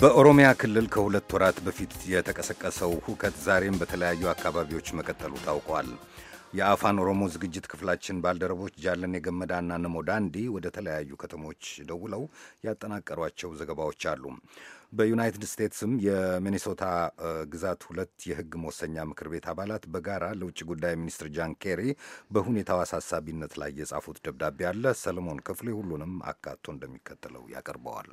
በኦሮሚያ ክልል ከሁለት ወራት በፊት የተቀሰቀሰው ሁከት ዛሬም በተለያዩ አካባቢዎች መቀጠሉ ታውቋል። የአፋን ኦሮሞ ዝግጅት ክፍላችን ባልደረቦች ጃለኔ ገመዳና ነሞ ዳንዲ ወደ ተለያዩ ከተሞች ደውለው ያጠናቀሯቸው ዘገባዎች አሉ። በዩናይትድ ስቴትስም የሚኒሶታ ግዛት ሁለት የሕግ መወሰኛ ምክር ቤት አባላት በጋራ ለውጭ ጉዳይ ሚኒስትር ጃን ኬሪ በሁኔታው አሳሳቢነት ላይ የጻፉት ደብዳቤ አለ። ሰለሞን ክፍሌ ሁሉንም አካቶ እንደሚከተለው ያቀርበዋል።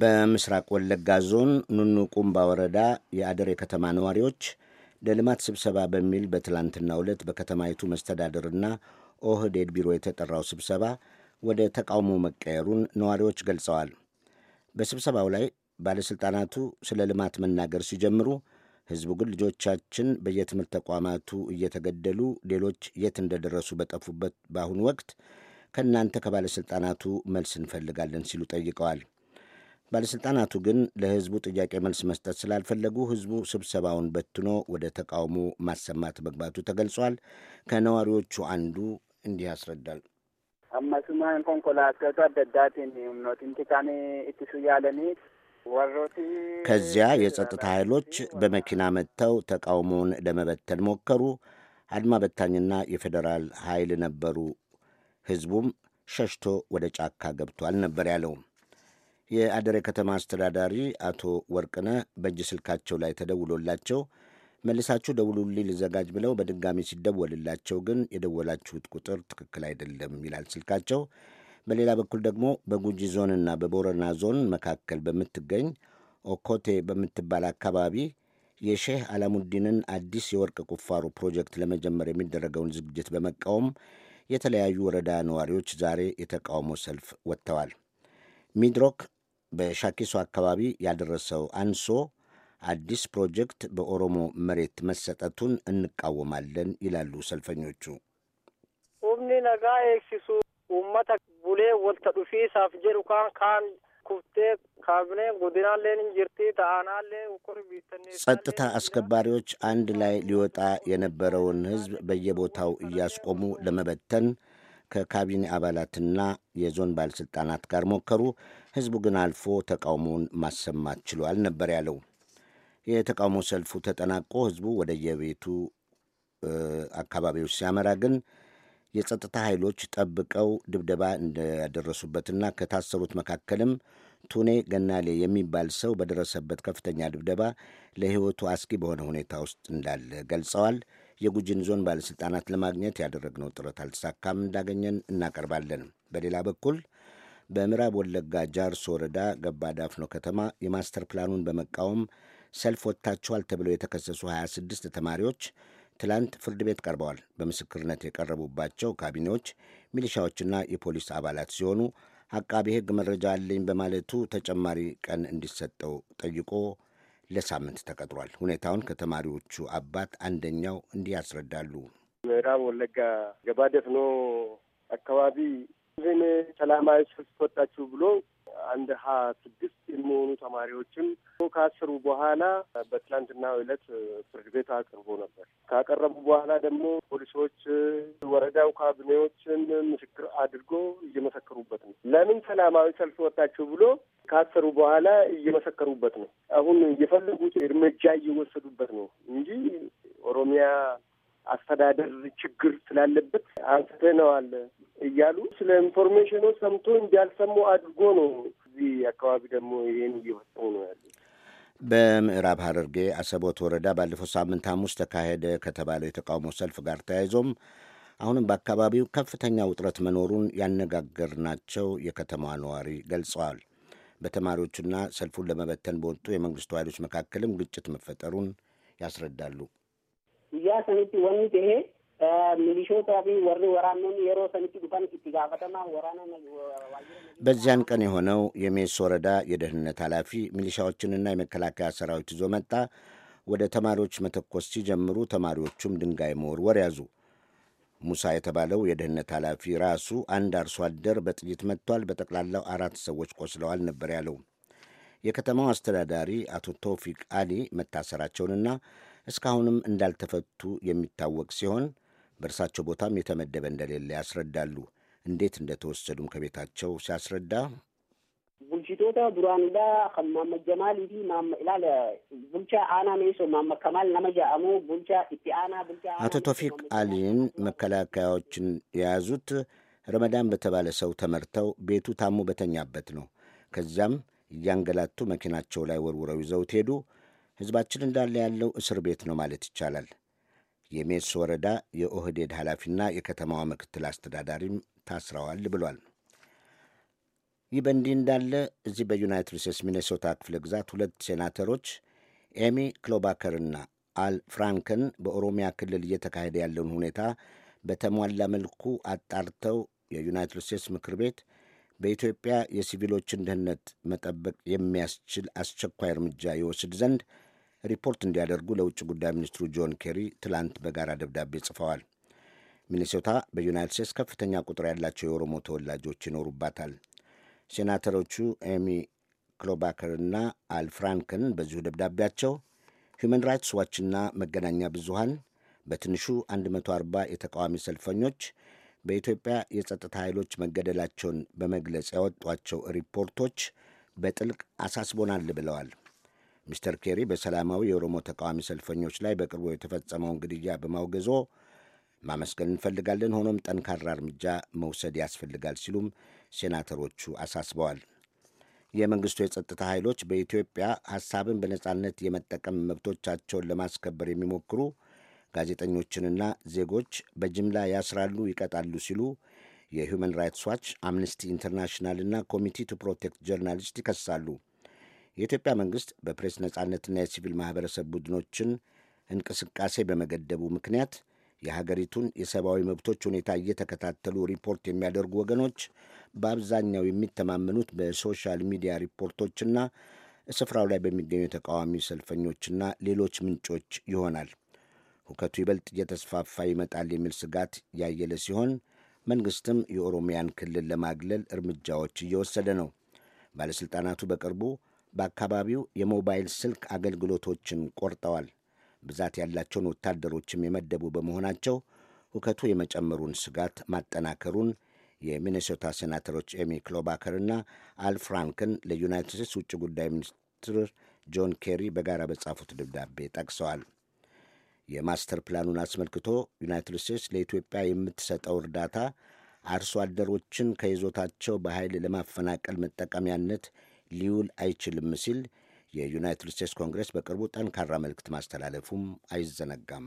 በምስራቅ ወለጋ ዞን ኑኑ ቁምባ ወረዳ የአደሬ ከተማ ነዋሪዎች ለልማት ስብሰባ በሚል በትላንትና ዕለት በከተማይቱ መስተዳድርና ኦህዴድ ቢሮ የተጠራው ስብሰባ ወደ ተቃውሞ መቀየሩን ነዋሪዎች ገልጸዋል። በስብሰባው ላይ ባለሥልጣናቱ ስለ ልማት መናገር ሲጀምሩ ሕዝቡ ግን ልጆቻችን በየትምህርት ተቋማቱ እየተገደሉ ሌሎች የት እንደደረሱ በጠፉበት በአሁኑ ወቅት ከእናንተ ከባለሥልጣናቱ መልስ እንፈልጋለን ሲሉ ጠይቀዋል። ባለሥልጣናቱ ግን ለሕዝቡ ጥያቄ መልስ መስጠት ስላልፈለጉ ሕዝቡ ስብሰባውን በትኖ ወደ ተቃውሞ ማሰማት መግባቱ ተገልጿል። ከነዋሪዎቹ አንዱ እንዲህ ያስረዳል። አመሱማን ኮንኮላቶቱ አደዳቲን ኖቲንቲካን ኢትሱ ያለኒ ከዚያ የጸጥታ ኃይሎች በመኪና መጥተው ተቃውሞውን ለመበተን ሞከሩ። አድማ በታኝና የፌዴራል ኃይል ነበሩ። ሕዝቡም ሸሽቶ ወደ ጫካ ገብቷል ነበር ያለው። የአደሬ ከተማ አስተዳዳሪ አቶ ወርቅነ በእጅ ስልካቸው ላይ ተደውሎላቸው መልሳችሁ ደውሉልኝ ልዘጋጅ ብለው በድጋሚ ሲደወልላቸው ግን የደወላችሁት ቁጥር ትክክል አይደለም ይላል ስልካቸው። በሌላ በኩል ደግሞ በጉጂ ዞንና በቦረና ዞን መካከል በምትገኝ ኦኮቴ በምትባል አካባቢ የሼህ አላሙዲንን አዲስ የወርቅ ቁፋሮ ፕሮጀክት ለመጀመር የሚደረገውን ዝግጅት በመቃወም የተለያዩ ወረዳ ነዋሪዎች ዛሬ የተቃውሞ ሰልፍ ወጥተዋል። ሚድሮክ በሻኪሶ አካባቢ ያደረሰው አንሶ አዲስ ፕሮጀክት በኦሮሞ መሬት መሰጠቱን እንቃወማለን ይላሉ ሰልፈኞቹ። ሁምኒ ነጋ ኤክሲሱ ኡመተ ቡሌ ወልተ ዱፊ ሳፍ ጀሩ ካን ካን ኩፍቴ ካብኔ ጎዲናሌን እንጅርቲ ተአናሌ ውቁር ጸጥታ አስከባሪዎች አንድ ላይ ሊወጣ የነበረውን ህዝብ በየቦታው እያስቆሙ ለመበተን ከካቢኔ አባላትና የዞን ባለሥልጣናት ጋር ሞከሩ። ሕዝቡ ግን አልፎ ተቃውሞውን ማሰማት ችሏል ነበር ያለው። የተቃውሞ ሰልፉ ተጠናቆ ሕዝቡ ወደየቤቱ አካባቢዎች ሲያመራ ግን የጸጥታ ኃይሎች ጠብቀው ድብደባ እንዳደረሱበትና ከታሰሩት መካከልም ቱኔ ገናሌ የሚባል ሰው በደረሰበት ከፍተኛ ድብደባ ለሕይወቱ አስጊ በሆነ ሁኔታ ውስጥ እንዳለ ገልጸዋል። የጉጂን ዞን ባለሥልጣናት ለማግኘት ያደረግነው ጥረት አልተሳካም። እንዳገኘን እናቀርባለን። በሌላ በኩል በምዕራብ ወለጋ ጃርሶ ወረዳ ገባ ዳፍኖ ከተማ የማስተር ፕላኑን በመቃወም ሰልፍ ወጥታችኋል ተብለው የተከሰሱ 26 ተማሪዎች ትላንት ፍርድ ቤት ቀርበዋል። በምስክርነት የቀረቡባቸው ካቢኔዎች፣ ሚሊሻዎችና የፖሊስ አባላት ሲሆኑ አቃቢ ሕግ መረጃ አለኝ በማለቱ ተጨማሪ ቀን እንዲሰጠው ጠይቆ ለሳምንት ተቀጥሯል። ሁኔታውን ከተማሪዎቹ አባት አንደኛው እንዲህ ያስረዳሉ። ምዕራብ ወለጋ ገባ ደፍኖ አካባቢ ህዝብን ሰላማዊ ሰልፍ ወጣችሁ ብሎ አንድ ሀ ስድስት የሚሆኑ ተማሪዎችን ከአስሩ በኋላ በትላንትና ዕለት ፍርድ ቤት አቅርቦ ነበር። ካቀረቡ በኋላ ደግሞ ፖሊሶች ወረዳው ካቢኔዎችን ምስክር አድርጎ እየመሰከሩበት ነው። ለምን ሰላማዊ ሰልፍ ወጣችሁ ብሎ ካሰሩ በኋላ እየመሰከሩበት ነው። አሁን እየፈለጉት እርምጃ እየወሰዱበት ነው እንጂ ኦሮሚያ አስተዳደር ችግር ስላለበት አንስተነዋል እያሉ ስለ ኢንፎርሜሽኑ ሰምቶ እንዲያልሰሙ አድርጎ ነው። እዚህ አካባቢ ደግሞ ይህን እየወጣው ነው ያለ በምዕራብ ሐረርጌ አሰቦት ወረዳ ባለፈው ሳምንት ሐሙስ ተካሄደ ከተባለው የተቃውሞ ሰልፍ ጋር ተያይዞም አሁንም በአካባቢው ከፍተኛ ውጥረት መኖሩን ያነጋገርናቸው የከተማዋ ነዋሪ ገልጸዋል። በተማሪዎቹና ሰልፉን ለመበተን በወጡ የመንግስት ኃይሎች መካከልም ግጭት መፈጠሩን ያስረዳሉ። guyyaa sanitti wanni ta'ee milishoota fi warri waraanonni yeroo sanitti dhufan itti gaafatamaa waraana በዚያን ቀን የሆነው የሜስ ወረዳ የደህንነት ኃላፊ ሚሊሻዎችንና የመከላከያ ሰራዊት ይዞ መጣ። ወደ ተማሪዎች መተኮስ ሲጀምሩ ተማሪዎቹም ድንጋይ መወርወር ያዙ። ሙሳ የተባለው የደህንነት ኃላፊ ራሱ አንድ አርሶ አደር በጥይት መጥቷል፣ በጠቅላላው አራት ሰዎች ቆስለዋል ነበር ያለው። የከተማው አስተዳዳሪ አቶ ቶፊቅ አሊ መታሰራቸውንና እስካሁንም እንዳልተፈቱ የሚታወቅ ሲሆን በእርሳቸው ቦታም የተመደበ እንደሌለ ያስረዳሉ። እንዴት እንደተወሰዱም ከቤታቸው ሲያስረዳ ቡልሽቶታ ዱራንዳ ከማመ ጀማል ፊ ላለ ቡልቻ አና ሜሶ ማመ ከማል ነመጃአሙ ቡልቻ ኢቲ አና ቡልቻ አቶ ቶፊቅ አሊን መከላከያዎችን የያዙት ረመዳን በተባለ ሰው ተመርተው ቤቱ ታሞ በተኛበት ነው። ከዚያም እያንገላቱ መኪናቸው ላይ ወርውረው ይዘውት ሄዱ። ሕዝባችን እንዳለ ያለው እስር ቤት ነው ማለት ይቻላል። የሜስ ወረዳ የኦህዴድ ኃላፊና የከተማዋ ምክትል አስተዳዳሪም ታስረዋል ብሏል። ይህ በእንዲህ እንዳለ እዚህ በዩናይትድ ስቴትስ ሚኔሶታ ክፍለ ግዛት ሁለት ሴናተሮች ኤሚ ክሎባከርና አል ፍራንክን በኦሮሚያ ክልል እየተካሄደ ያለውን ሁኔታ በተሟላ መልኩ አጣርተው የዩናይትድ ስቴትስ ምክር ቤት በኢትዮጵያ የሲቪሎችን ደህንነት መጠበቅ የሚያስችል አስቸኳይ እርምጃ ይወስድ ዘንድ ሪፖርት እንዲያደርጉ ለውጭ ጉዳይ ሚኒስትሩ ጆን ኬሪ ትላንት በጋራ ደብዳቤ ጽፈዋል። ሚኒሶታ በዩናይት ስቴትስ ከፍተኛ ቁጥር ያላቸው የኦሮሞ ተወላጆች ይኖሩባታል። ሴናተሮቹ ኤሚ ክሎባከርና አልፍራንክን በዚሁ ደብዳቤያቸው ሁመን ራይትስ ዋችና መገናኛ ብዙሃን በትንሹ 140 የተቃዋሚ ሰልፈኞች በኢትዮጵያ የጸጥታ ኃይሎች መገደላቸውን በመግለጽ ያወጧቸው ሪፖርቶች በጥልቅ አሳስቦናል ብለዋል። ሚስተር ኬሪ በሰላማዊ የኦሮሞ ተቃዋሚ ሰልፈኞች ላይ በቅርቡ የተፈጸመውን ግድያ በማውገዞ ማመስገን እንፈልጋለን፣ ሆኖም ጠንካራ እርምጃ መውሰድ ያስፈልጋል ሲሉም ሴናተሮቹ አሳስበዋል። የመንግስቱ የጸጥታ ኃይሎች በኢትዮጵያ ሐሳብን በነጻነት የመጠቀም መብቶቻቸውን ለማስከበር የሚሞክሩ ጋዜጠኞችንና ዜጎች በጅምላ ያስራሉ፣ ይቀጣሉ ሲሉ የሁመን ራይትስ ዋች፣ አምነስቲ ኢንተርናሽናል እና ኮሚቲ ቱ ፕሮቴክት ጆርናሊስት ይከሳሉ። የኢትዮጵያ መንግሥት በፕሬስ ነጻነትና የሲቪል ማኅበረሰብ ቡድኖችን እንቅስቃሴ በመገደቡ ምክንያት የሀገሪቱን የሰብአዊ መብቶች ሁኔታ እየተከታተሉ ሪፖርት የሚያደርጉ ወገኖች በአብዛኛው የሚተማመኑት በሶሻል ሚዲያ ሪፖርቶችና ስፍራው ላይ በሚገኙ ተቃዋሚ ሰልፈኞችና ሌሎች ምንጮች ይሆናል። ሁከቱ ይበልጥ እየተስፋፋ ይመጣል የሚል ስጋት ያየለ ሲሆን መንግሥትም የኦሮሚያን ክልል ለማግለል እርምጃዎች እየወሰደ ነው። ባለሥልጣናቱ በቅርቡ በአካባቢው የሞባይል ስልክ አገልግሎቶችን ቆርጠዋል። ብዛት ያላቸውን ወታደሮችም የመደቡ በመሆናቸው ሁከቱ የመጨመሩን ስጋት ማጠናከሩን የሚኔሶታ ሴናተሮች ኤሚ ክሎባከርና አል ፍራንክን ለዩናይትድ ስቴትስ ውጭ ጉዳይ ሚኒስትር ጆን ኬሪ በጋራ በጻፉት ደብዳቤ ጠቅሰዋል። የማስተር ፕላኑን አስመልክቶ ዩናይትድ ስቴትስ ለኢትዮጵያ የምትሰጠው እርዳታ አርሶ አደሮችን ከይዞታቸው በኃይል ለማፈናቀል መጠቀሚያነት ሊውል አይችልም ሲል የዩናይትድ ስቴትስ ኮንግረስ በቅርቡ ጠንካራ መልእክት ማስተላለፉም አይዘነጋም።